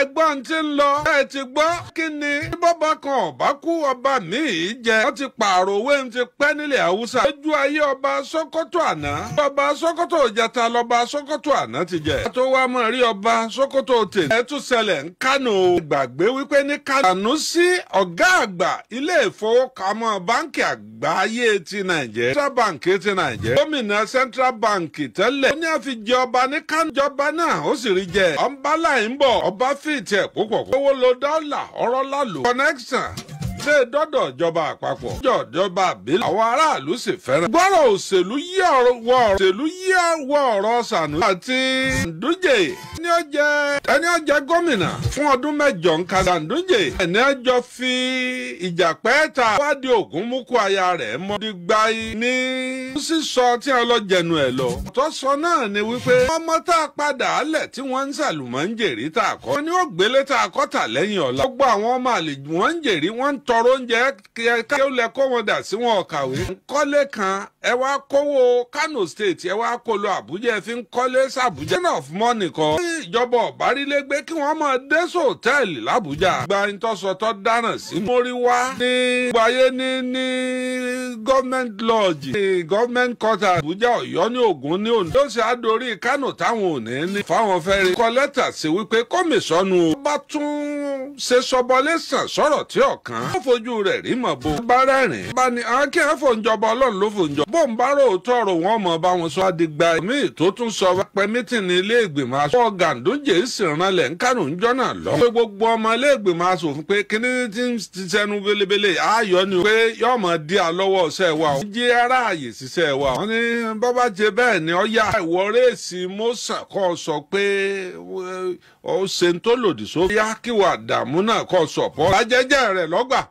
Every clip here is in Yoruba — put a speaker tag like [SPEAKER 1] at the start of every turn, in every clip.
[SPEAKER 1] ẹ gbọ́ ohun tí ń lọ ẹ ti gbọ́ kí ni bọ́bá kan ọ̀bá kú ọba míì jẹ wọ́n ti pààrọ̀ owó ń ti pẹ́ nílẹ̀ haúsá lójú ayé ọba sókótó àná ọba sókótó ìjẹta lọba sókótó àná ti jẹ tó wá mọ̀ rí ọba sókótó tè ẹ tún ṣẹlẹ̀ ń kánò gbàgbé wípé ní kánò Sanusi ọ̀gá àgbà ilé ìfowópamọ́ báńkì àgbáyé ti nàìjẹ́ central bank ti nàìjẹ́ gómìnà central bank tẹ́lẹ̀ ó ní àfijẹ́ ọba ní kánò ìjọba náà ó sì rí jẹ ọ̀nbálà benefit ẹ̀ púpọ̀ owó lo dọ́là ọ̀rọ̀ lálò connection dé dọ́dọ̀ ìjọba àpapọ̀ ìjọba àbílẹ̀ àwọn aráàlú sì fẹ́ràn. gbọ́rọ̀ òṣèlú yí ọ̀rọ̀ wọ ọ̀rọ̀ òṣèlú yí wọ ọ̀rọ̀ sànú àti Ganduje ẹni ó jẹ gómìnà fún ọdún mẹ́jọ ń ka Ganduje ẹni ọjọ́ fi ìjà pẹ́ ta wádìí ògún mú kó aya rẹ̀ mọ́ dígbà ní sísọ tí a lọ jẹnu ẹ̀ lọ. tó náà ni wípé ọmọ tá a padà álẹ̀ tí wọ́n ń sàlùmọ́ ń jèrè tá a kọ́ ni ó gbélé tá a kọ́ tà lẹ́yìn ọ̀la. gbogbo àwọn ọmọ àlè wọ́n ń jèrè wọ́n ń t tọrọ oúnjẹ kí ó lẹ kó wọn dà sí wọn kàwé. kọ́lé kan ẹ wá kówó Kano State ẹ wá kó lọ ẹ fi ń kọ́lé sàbújá. ten of money kan. ní ìjọba ọ̀bárílẹ̀ kí wọ́n máa dé sòtẹ́ẹ̀lì l'Àbújá. gba ìtọ́sọtọ́ dáràn sí. mórí wá ní gbayé ní ní government lodge ní government quarter Àbújá Ọ̀yọ́ ní Ògùn ní Oǹdó. yóò ṣe àdórí Kano táwọn ò ní ní. fáwọn fẹ́ rí kọ lẹ́tà sí wípé kọ́mìsọ́nù ó bá tún ṣe sọbọlé fojú rẹ̀ rí mọ̀ bo. bá rẹ́rìn bá ní akin àfọ̀njọba ọlọ́run ló fòǹjọ. bó ń bá ròótọ́ ọ̀rọ̀ wọn mọ̀ bá wọn sọ adigba míì tó tún sọ ilé ìgbìmọ̀ aṣọ. ọ̀ gàdúnjẹ ń ń jọ́nà lọ. gbogbo ọmọ ilé ìgbìmọ̀ aṣòfin pé kíní ti ń belebele ayọ̀ ni pé di ṣẹ́ wa o. jí ṣiṣẹ́ wa bẹ́ẹ̀ ni ọ yá ìwọ kọ́ sọ pé ó ṣe ń tó lòdì sófin. yá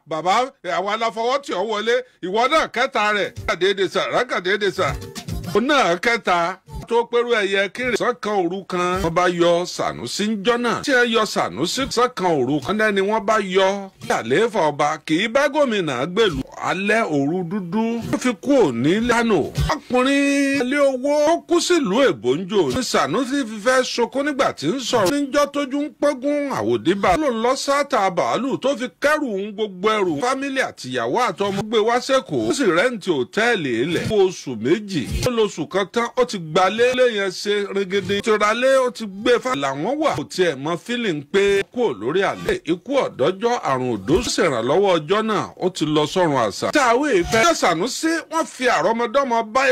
[SPEAKER 1] bàbá àwọn la fọwọ́ tì ọ́ wọlé ìwọ náà kẹta rẹ̀ rákàdéédé sà rákàdéédé sà òun náà kẹta tó pẹ̀rú ẹyẹ kéré sọ́kàn òru kan wọ́n bá yọ Sànúsí ń jọ́nà tí ẹ yọ Sànúsí sọ́kàn òru kan náà ni wọ́n bá yọ àlééfà kì í bá gómìnà gbèlú alẹ́ òru dúdú wọ́n fi kú òní lánàá. ọkùnrin ilé owó ó kú sílùú èbó ń jò ní Sanusi fífẹ́ sokó nígbà tí ń sọ̀rọ̀ níjọ́ tójú ń pọ́gún àwòdìbà ló lọ sáta bàálù tó fi kẹ́rù ń gbogbo ẹrù fámílì àtìyàwó àtọmọ gbé wá sẹ́kọ̀ọ́ ó sì rẹ́ǹtì òtẹ́ẹ̀lì ilẹ̀ fún oṣù méjì ó lóṣù kan tán ó ti gbalé léyẹn ṣe ringidi ìtura ó ti gbé fa làwọn wà kò tiẹ̀ mọ fílìn pé kú lórí àlẹ́ ikú ọ̀dọ́jọ́ àrùn òdó ṣèrànlọ́wọ́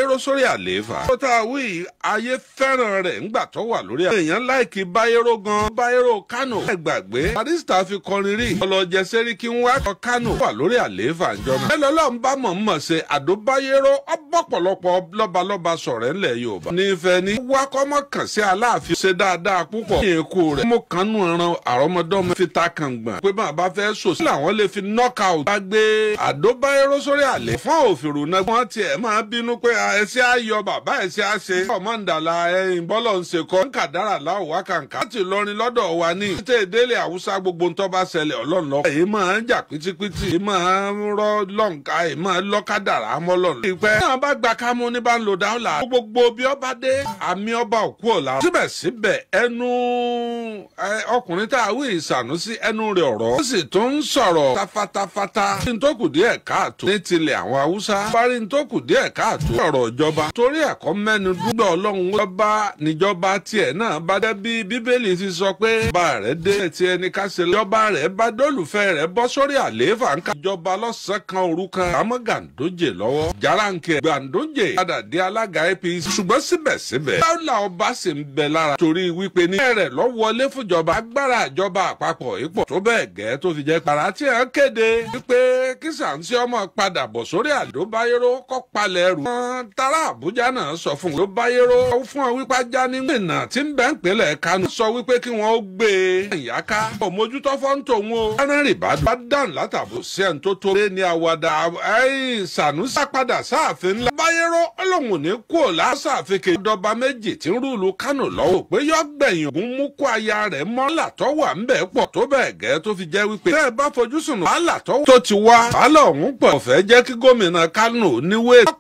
[SPEAKER 1] báyérò sórí àlééfà. ó tá a wí ayé fẹ́ràn rẹ̀ ńgbà tó wà lórí àlééfà. èèyàn láìkí báyérò gan báyérò kánò. ẹ gbàgbé barista fi kọrin rí. ọlọjẹ sẹ́ríkì ń wá kánò wà lórí àlééfà ìjọba. ẹ lọ́lọ́ ń bá mọ̀ ń mọ̀ ṣe àdó báyérò ọ̀pọ̀lọpọ̀ lọ́balọ́ba sọ̀rẹ́ ńlẹ̀ Yorùbá. nífẹ̀ ni wá kọ́mọ kàn sí aláàfin ṣe dáadáa púpọ̀. ní èkó rẹ̀ mo kàn nù ran àrọ́mọdọ́mọ fi ta kàn gbọ̀n. pé bàbá fẹ́ sòsí làwọn lè fi knockout. bá gbé àdó báyérò sórí àlè ẹ ṣe ayọ̀ bàbá ẹ ṣe àṣe. kọ̀mọ́ndàlà ẹyin bọ́lọ̀ ń ṣe kọ́. kàdárà láwùwá láti lọrin lọ́dọ̀ wa ní. tètè délé àwùsá gbogbo ntọ́ bá ṣẹlẹ̀ èyí máa ń jà pítípítí. èyí máa ń rọ lọ́ǹkà èyí máa ń ìpẹ́ náà kámú n'i bá ń gbogbo bí ọba dé ọba òkú ọ̀la. síbẹ̀síbẹ̀ ọ̀rọ̀ ìjọba torí ẹ̀kọ́ mẹ́nu dúdú ọlọ́run ó bá níjọba tiẹ̀ náà bá dé bí bíbélì ti sọ pé bá rẹ̀ dé ti ẹni ká ṣe lọ́ba rẹ̀ bá dólùfẹ́ rẹ̀ bọ́ sórí àlééfà ń ká ìjọba lọ́sàn-án kan òru kan àmọ́ gàǹdójè lọ́wọ́ jaranke gàǹdójè padà dé alága APC ṣùgbọ́n síbẹ̀síbẹ̀ báwọlà ọba sì ń bẹ lára torí wípé ní ẹ̀rẹ̀ lọ wọlé fúnjọba agbára ìjọba àpapọ̀ ipò tó bẹ́ẹ̀ gẹ́ tó fi jẹ́ para tí ẹ̀ ń kéde wípé kí Sanusi ọmọ padà bọ̀ sórí àdóbáyéró kọ́ palẹ̀ rù tará àbújá náà sọ fún un ló báyé ró ó fún ọ wípé ajá ní gbìnà tí ń bẹ́ ń pínlẹ̀ kánú sọ wípé kí wọ́n ó gbé e. ìyáká kò mójútó fọ́ńtò wọn o. kánárì bá dàn látàbò sí ẹni tó tó. lé ní àwàdà Sànúsì padà sáàfin ńlá. báyé ró ọlọ́run ò ní kú ò lásàfin kejì. ọdọba méjì tí ń rúlu kánò lọ́wọ́ pé yọ gbẹ̀yìn ògún mú kó aya rẹ̀ mọ́là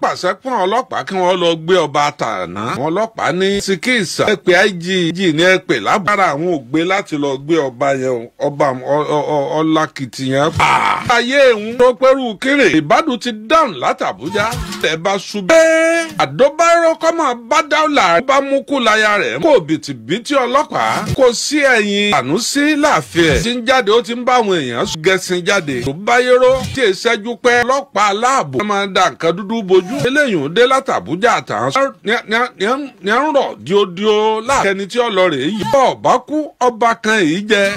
[SPEAKER 1] bá fojú ọlọ́pàá kí wọ́n lọ gbé ọba tàná. àwọn ọlọ́pàá ní Sikisa ẹ pé IG ní ẹ pè lábára àwọn ògbé láti lọ gbé ọba yẹn ọba ọlákìtì yẹn. ayé ìhun tó pẹ́rù kéré ìbádùn ti dáhùn látàbújá. ẹ bá ṣubú. àdóbárò kọ́mọ bá dáhùn láàrin. bá mú kú láya rẹ̀ kó bìtìbìtì ọlọ́pàá kó sí ẹ̀yìn ànúsí láàfin ẹ̀. ti ń jáde ó ti ń bá àwọn èèyàn gẹ̀sìn jáde. tó bá yẹ́rọ wọlé látàbújá àtàn ní à ń rọ̀ diodio láàkẹ́ni tí ọlọ́rẹ̀ yìí bọ̀ bá kú ọba kan èyí jẹ.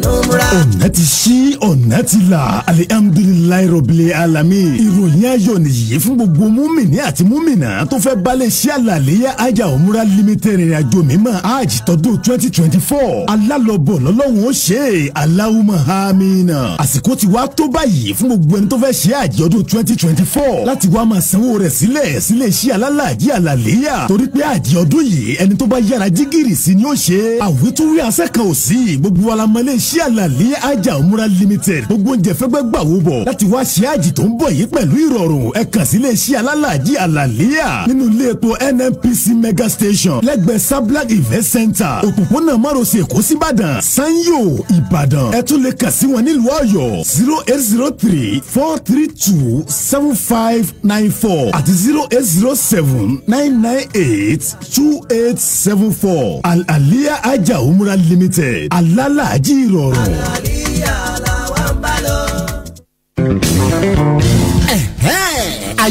[SPEAKER 2] ọ̀nà
[SPEAKER 3] ti ṣí ọ̀nà ti là alihamudulilayi rọ̀bìlẹ̀ alami ìròyìn ayọ̀ nìyí fún gbogbo múmìnì àti múmìnà tó fẹ́ balẹ̀ iṣẹ́ àlàléyà ajá òmùra limited ìrìnàjò mímọ́ hajj tọdún twenty twenty four alálọ́bọ̀ lọ́lọ́run ó ṣe aláwùmọ̀ hamina àsìkò ti wá tó báyìí fún gbogbo ẹni tó fẹ́ ṣe àjọ̀dún twenty twenty four láti wá máa san ẹ̀dínwó rẹ̀ sílẹ̀ sílé iṣẹ́ alálàájì àlàléyà torí pé àjẹ ọdún yìí ẹni tó bá yára jígìrì sí ni ó ṣe àwítúwí asẹ́ kan ò sí gbogbo wa la mọ ilé iṣẹ́ àlàlé ajá òmùra limited gbogbo oúnjẹ fẹ́gbẹ́ gbà wó bọ̀ láti wá ṣe àjì tó ń bọ̀ yìí pẹ̀lú ìrọ̀rùn ẹ kàn sí ilé iṣẹ́ alálàájì àlàléyà nínú ilé epo nnpc mega station lẹ́gbẹ̀ẹ́ sablak event center òpópónà márosẹ̀ èkó síbàdàn sanyo ìbàdàn ẹ tún lè kàn sí wọn nílùú ọ̀yọ́ zero eight zero three four three two seven five nine four four àti zero eight zero seven nine nine eight two eight seven four al Aliya Ajah Umra Limited alálàájì ìrọ̀rùn. àlàyé àlàwọ̀ ń bá lọ.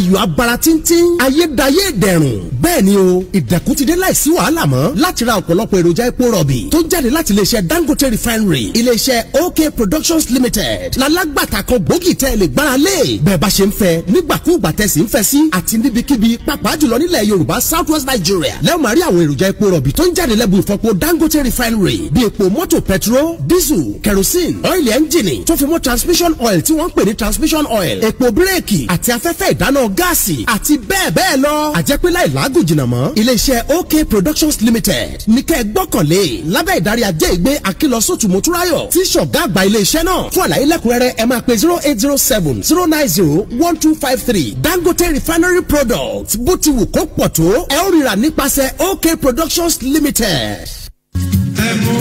[SPEAKER 2] ayọ̀ abara tíntín ayédayé ìdẹ̀rùn bẹ́ẹ̀ ni o ìdẹ̀kùn ti dé láìsí wàhálà mọ́ láti ra ọ̀pọ̀lọpọ̀ èròjà epo rọ̀bì tó ń jáde láti iléeṣẹ́ Dangote refinery iléeṣẹ́ OK Productions Limited lálágbàtà kan gbòógì tẹ́ ẹ lè gbára lé bẹ́ẹ̀ bá ṣe ń fẹ́ nígbàkúùgbà tẹ́ sì ń fẹ́ sí àti níbikíbi pàápàá jùlọ nílẹ̀ Yorùbá South West Nigeria lẹ́wọ̀n máa rí àwọn èròjà epo rọ̀bì tó ń jáde lẹ́bùn ìfọpo Dangote refinery bíi epo mọ́tò pẹtrol diesel kerosene oil engine tó fi mọ́ transmission oil tí wọ́n ń pè ní transmission oil epo bírèkì àti afẹ́fẹ́ ìdáná gáàsì àti bẹ́ẹ̀ bẹ́ẹ̀ lọ. àjẹpẹ́ láì làágùn jìnnà mọ́ iléeṣẹ́ OK Productions Limited ní kẹ́ ẹ gbọ́kànlé lábẹ́ ìdarí ajé ìgbé akílọ́sọ̀tù mọ́túráyọ̀ tí ṣọ̀gá àgbà iléeṣẹ́ náà fún àlàyé lẹ́kùnrẹ́rẹ́ ẹ máa pe zero eight zero seven zero nine zero one two five three Dangote Refinery Products bó ti wù kó pọ̀ tó ẹ ó rira nípasẹ̀ OK Productions Limited. ẹ mú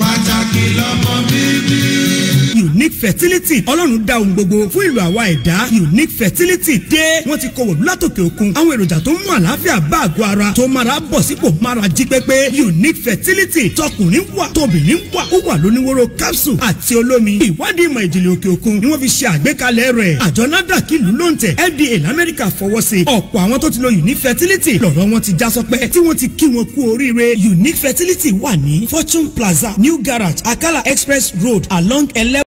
[SPEAKER 2] pàtàkì lọ́mọ bíbí unique fertility ọlọ́run dá ohun gbogbo fún ìlò àwa ẹ̀dá unique fertility dé wọ́n ti kọ wọ̀lú látòkè òkun àwọn èròjà tó ń mú àlàáfíà bá àgọ́ ara tó mara bọ̀ sípò mara jí pépé unique fertility tọkùnrin wà tóbìnrin wà ó wà lóníwóró capsule àti olómi ìwádìí ìmọ̀ ìjìnlẹ̀ òkè òkun ni wọ́n fi ṣe àgbékalẹ̀ rẹ̀ àjọ NAFDAC ìlú ló ń tẹ̀ FDA lamẹ́ríkà fọwọ́ sí ọ̀pọ̀ àwọn tó ti lo unique fertility lọ́rọ̀ wọn ti já sọpẹ́ tí wọ́n ti kí wọn kú oríire unique fertility wà ní Fortune Plaza New Garage Akala Express Road along eleven.